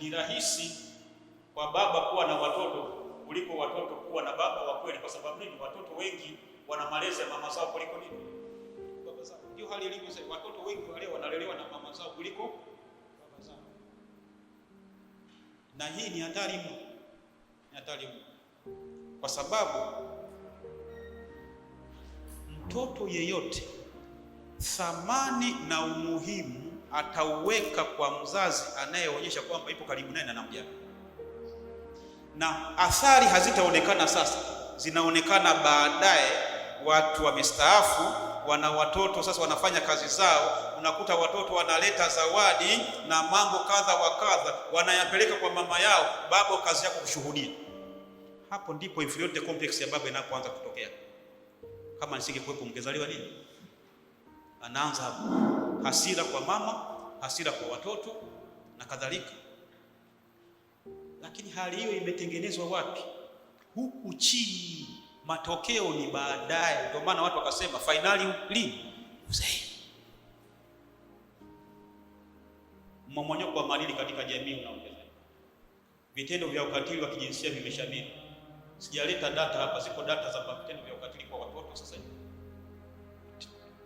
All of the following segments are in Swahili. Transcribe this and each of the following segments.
ni rahisi kwa baba kuwa na watoto kuliko watoto kuwa na baba wa kweli. Kwa sababu nini? Watoto wengi wana malezi ya mama zao kuliko nini, baba zao. Ndio hali ilivyo sasa, watoto wengi wale wanalelewa na mama zao kuliko baba zao, na hii ni hatari mno, ni hatari mno, kwa sababu mtoto yeyote thamani na umuhimu atauweka kwa mzazi anayeonyesha kwamba ipo karibu naye na anamjali, na athari hazitaonekana sasa, zinaonekana baadaye. Watu wamestaafu, wana watoto sasa, wanafanya kazi zao, unakuta watoto wanaleta zawadi na mambo kadha wa kadha, wanayapeleka kwa mama yao. babo kazi yako kushuhudia. Hapo ndipo inferiority complex ya baba inapoanza kutokea. Kama nisingekuwepo, mngezaliwa nini? Anaanza hapo hasira kwa mama, hasira kwa watoto na kadhalika. Lakini hali hiyo imetengenezwa wapi? Huku chini. Matokeo ni baadaye. Ndio maana watu wakasema fainali lini? Uzee. Mmomonyoko wa maadili katika jamii unaongezeka, vitendo vya ukatili wa kijinsia vimeshamiri. Sijaleta data hapa, ziko data za vitendo vya ukatili kwa watoto sasa hivi,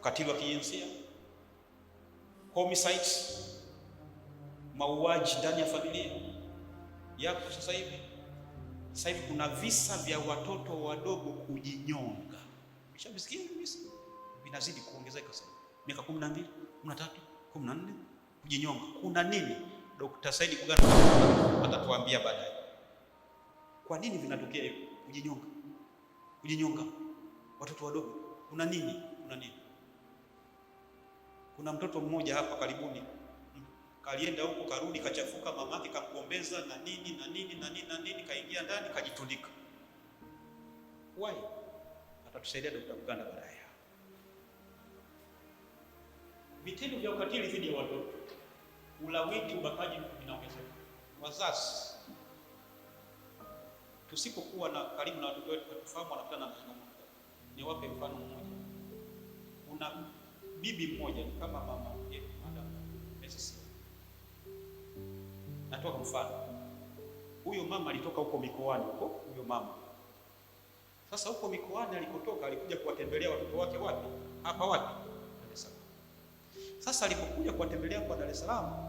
ukatili wa kijinsia homicide, mauaji ndani ya familia yako. Sasa hivi sasa hivi kuna visa vya watoto wadogo kujinyonga, mshamsikia visa vinazidi kuongezeka sana, miaka 12, 13, 14, kujinyonga. Kuna nini? Dr. Said Kugana atatuambia baadaye kwa nini vinatokea hivyo, kujinyonga, kujinyonga watoto wadogo. Kuna nini? Kuna nini? Kuna mtoto mmoja hapa karibuni kalienda huko karudi kachafuka, mamake kamgombeza na nini na nini na nini na nini, kaingia ndani kajitundika. Why? Atatusaidia Dr. Mganda baadaye. Vitendo vya ukatili dhidi ya watoto, ulawiti, ubakaji vinaongezeka. Wazazi tusipokuwa na karibu na watoto wetu, tufahamu wanakutana na changamoto. Niwape mfano mmoja kuna bibi mmoja kama mama yetu madam Messi. Natoa mfano, huyo mama alitoka huko mikoani huko, huyo mama sasa huko mikoani alikotoka alikuja kuwatembelea watoto wake wapi? Hapa wapi? Dar es Salaam. Sasa alipokuja kuwatembelea kwa Dar es Salaam,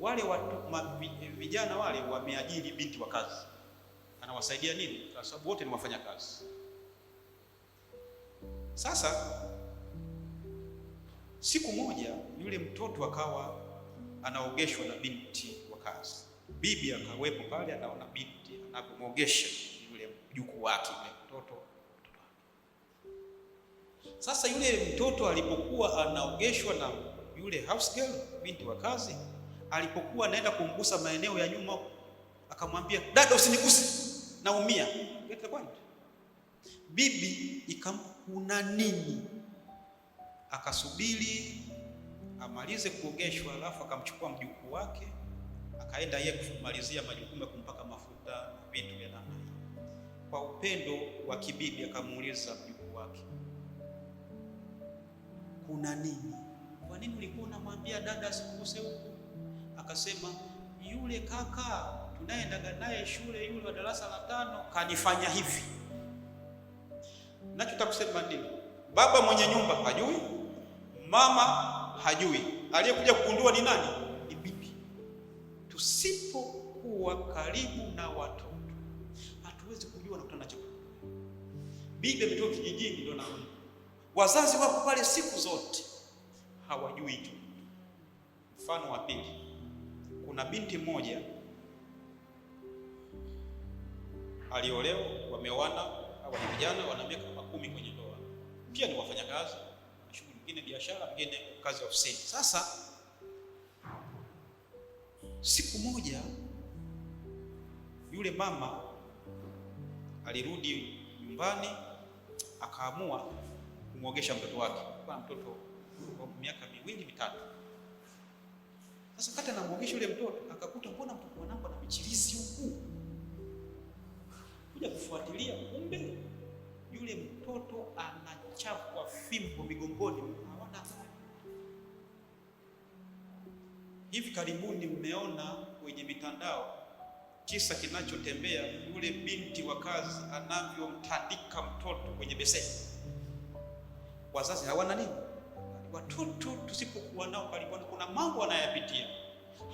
wale watu ma, vijana wale wameajiri binti wa kazi, anawasaidia nini? Kwa sababu wote ni wafanya kazi. Sasa Siku moja yule mtoto akawa anaogeshwa na binti wa kazi. Bibi akawepo pale, anaona binti anapomwogesha yule mjukuu wake yule mtoto Sasa yule mtoto alipokuwa anaogeshwa na yule house girl, binti wa kazi, alipokuwa anaenda kumgusa maeneo ya nyuma, akamwambia dada, usiniguse, naumia. Bibi ikamkuna nini? akasubiri amalize kuogeshwa, alafu akamchukua mjukuu wake akaenda yeye kumalizia majukumu ya kumpaka mafuta na vitu vya namna Kwa upendo wa kibibi akamuuliza mjukuu wake, kuna nini? Kwa nini ulikuwa unamwambia dada asikuguse huku? Akasema, yule kaka tunayendaga naye shule yule wa darasa la tano kanifanya hivi. Nachotaka kusema nini? Baba mwenye nyumba hajui mama hajui, aliyekuja kugundua ni nani? Ni bibi. Tusipokuwa karibu na watoto hatuwezi kujua na kutana chakula. Bibi ametoka kijijini, ndio naona wazazi wapo pale siku zote, hawajui tu. Mfano wa pili, kuna binti moja aliolewa, wameoana, hawa ni vijana, wana miaka makumi kwenye ndoa, pia ni wafanyakazi mwingine biashara, mwingine kazi ofisini. Sasa siku moja yule mama alirudi nyumbani, akaamua kumwogesha mtoto wake, kwa mtoto wa miaka miwili mitatu. Sasa kati anamwogesha yule mtoto, akakuta mbona mtoto wangu ana michirizi huku, kuja kufuatilia, kumbe yule mtoto anachapwa fimbo migongoni, hawana hivi karibuni mmeona kwenye mitandao kisa kinachotembea yule binti wa kazi anavyomtandika mtoto kwenye beseni. Wazazi hawana nini? Watoto tusipokuwa nao karibuni, kuna mambo anayapitia,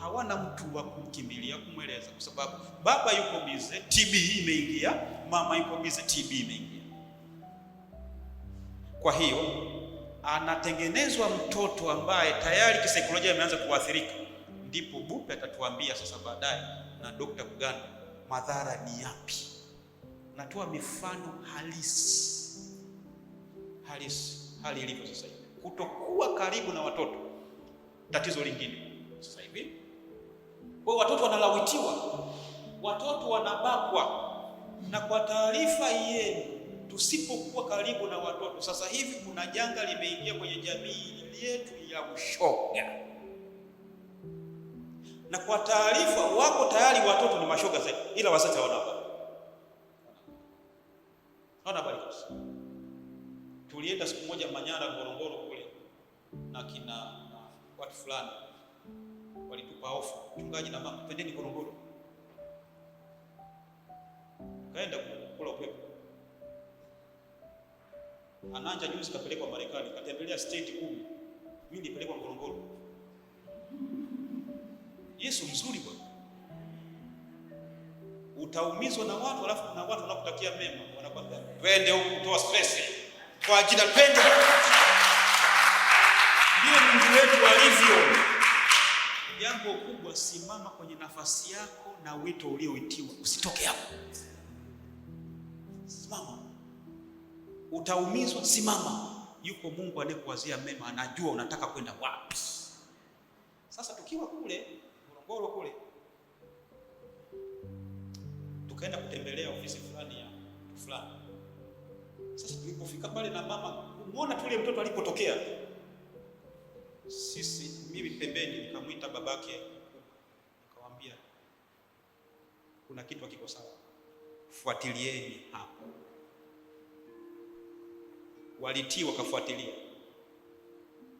hawana mtu wa kumkimbilia kumweleza, kwa sababu baba yuko bize, TB imeingia, mama yuko bize, TB imeingia. Kwa hiyo anatengenezwa mtoto ambaye tayari kisaikolojia ameanza kuathirika, ndipo Bupe atatuambia sasa baadaye na Dokta Kuganda madhara ni yapi. Natoa mifano halisi halisi, hali ilivyo sasa hivi, kutokuwa karibu na watoto. Tatizo lingine sasa hivi kwa watoto wanalawitiwa, watoto wanabakwa, na kwa taarifa yenu tusipokuwa karibu na watoto. Sasa hivi kuna janga limeingia kwenye jamii yetu ya ushoga, na kwa taarifa, wako tayari watoto ni mashoga zaidi, ila wazazi hawana habari. Hawana habari kabisa. Tulienda siku moja Manyara, Ngorongoro kule na kina na watu fulani walitupa ofa, mchungaji na mama, pendeni Ngorongoro Ananja juzi kapelekwa Marekani, katembelea state kumi. Mimi nilipelekwa Ngorongoro. Yesu mzuri bwana. Utaumizwa na watu alafu na watu wanakutakia mema, wanakwambia twende huko toa stress. Kwa ajili twende. Ndio Mungu wetu alivyo. Jambo kubwa, simama kwenye nafasi yako na wito ulioitiwa. Usitoke hapo. Simama utaumizwa, simama. Yuko Mungu anayekuwazia mema, anajua unataka kwenda wapi. Sasa tukiwa kule Morogoro kule, tukaenda kutembelea ofisi fulani ya fulani. Sasa tulipofika pale na mama, umeona tule mtoto alipotokea, sisi mimi pembeni, nikamwita babake, nikamwambia kuna kitu hakiko sawa, fuatilieni hapo walitii wakafuatilia,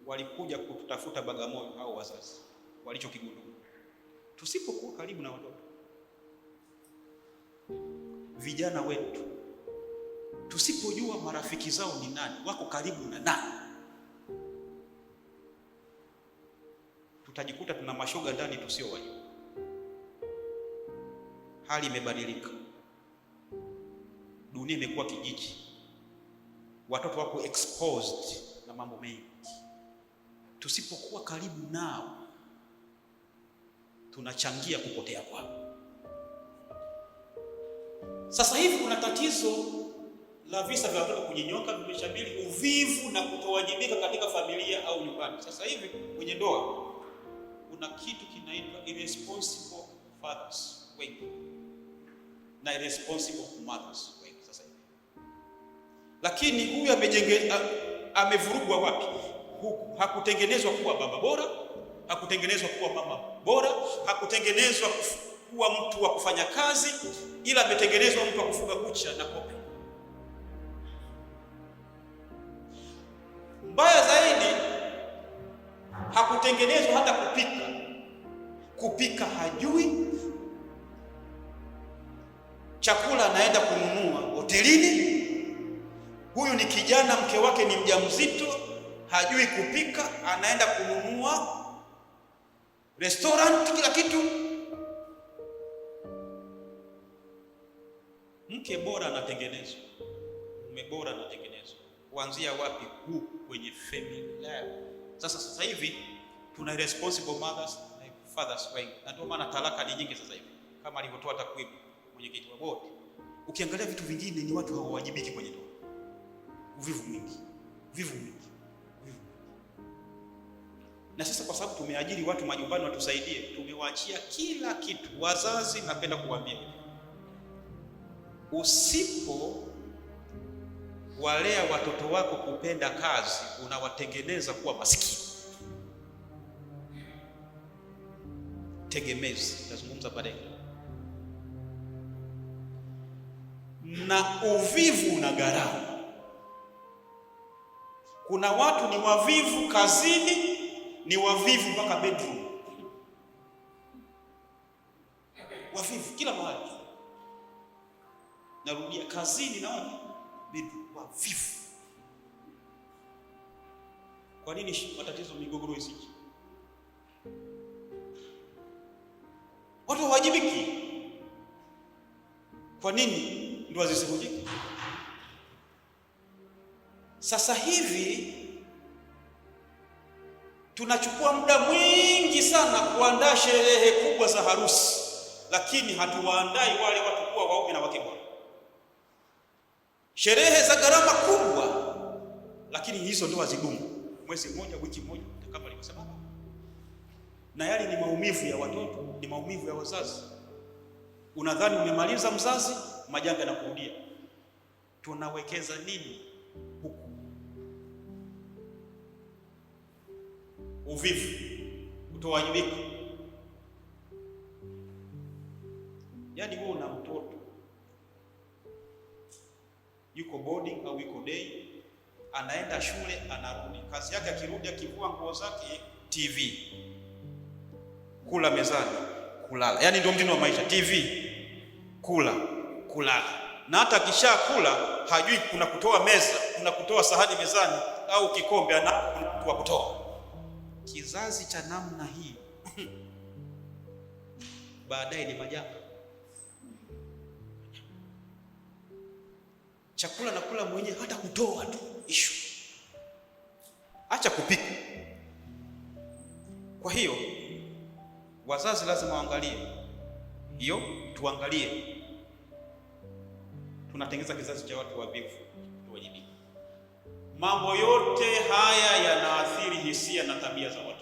walikuja kutafuta Bagamoyo hao wazazi walichokigundua. Tusipokuwa karibu na watoto vijana wetu, tusipojua marafiki zao ni nani, wako karibu na nani, tutajikuta tuna mashoga ndani tusiowajua. Hali imebadilika, dunia imekuwa kijiji watoto wako exposed na mambo mengi. Tusipokuwa karibu nao, tunachangia kupotea kwao. Sasa hivi kuna tatizo la visa vya watoto kunyonyoka, vimeshamili uvivu na kutowajibika katika familia au nyumbani. Sasa hivi kwenye ndoa kuna kitu kinaitwa irresponsible fathers wengi na irresponsible mothers wengi. Lakini huyu amevurugwa wapi? Hakutengenezwa kuwa baba bora, hakutengenezwa kuwa mama bora, hakutengenezwa kuwa mtu wa kufanya kazi, ila ametengenezwa mtu wa kufuga kucha na kope. Mbaya zaidi, hakutengenezwa hata kupika. Kupika hajui, chakula anaenda kununua hotelini Huyu ni kijana, mke wake ni mjamzito, hajui kupika, anaenda kununua restaurant, kila kitu. Mke bora anatengenezwa, mume bora anatengenezwa. Kuanzia wapi? Huku kwenye familia. Sasa sasa hivi tuna responsible mothers na fathers wengi, na ndio maana talaka ni nyingi sasa hivi, kama alivyotoa takwimu mwenyekiti wa bodi. Ukiangalia vitu vingine, ni watu hawawajibiki kwenye ndoa uvivu mwingi, uvivu mwingi, uvivu mwingi. Na sasa kwa sababu tumeajiri watu majumbani watusaidie, tumewaachia kila kitu. Wazazi, napenda kuwaambia usipo walea watoto wako kupenda kazi, unawatengeneza kuwa masikini tegemezi. Tazungumza baadaye. Na uvivu una gharama kuna watu ni wavivu kazini, ni wavivu mpaka bedroom, wavivu kila mahali. Narudia, kazini wapi? bedroom, wavivu. Kwa nini matatizo, migogoro isiji? Watu hawajibiki. Kwa nini ndoa zisivunjike? Sasa hivi tunachukua muda mwingi sana kuandaa sherehe kubwa za harusi, lakini hatuwaandai wale watu kuwa waume na wake bora. Sherehe za gharama kubwa, lakini hizo ndio hazidumu mwezi mmoja, wiki moja, kama alivyosema, na yale ni maumivu ya watoto, ni maumivu ya wazazi. Unadhani umemaliza mzazi, majanga na kurudia. Tunawekeza nini uvivu, kutowajibika. Yaani wewe una mtoto yuko boarding au yuko day, anaenda shule, anarudi, kazi yake akirudi, akivua nguo zake, TV, kula mezani, kulala. Yaani ndio mtindo wa maisha, TV, kula, kulala na hata kula hajui kuna kutoa meza, kuna kutoa sahani mezani au kikombe, ana mtu wa kutoa kizazi cha namna hii baadaye ni majanga. Chakula nakula mwenyewe, hata kutoa tu ishu, acha kupika. Kwa hiyo wazazi lazima waangalie hiyo, tuangalie tunatengeneza kizazi cha watu wavivu. Mambo yote haya yanaathiri hisia na tabia za watu.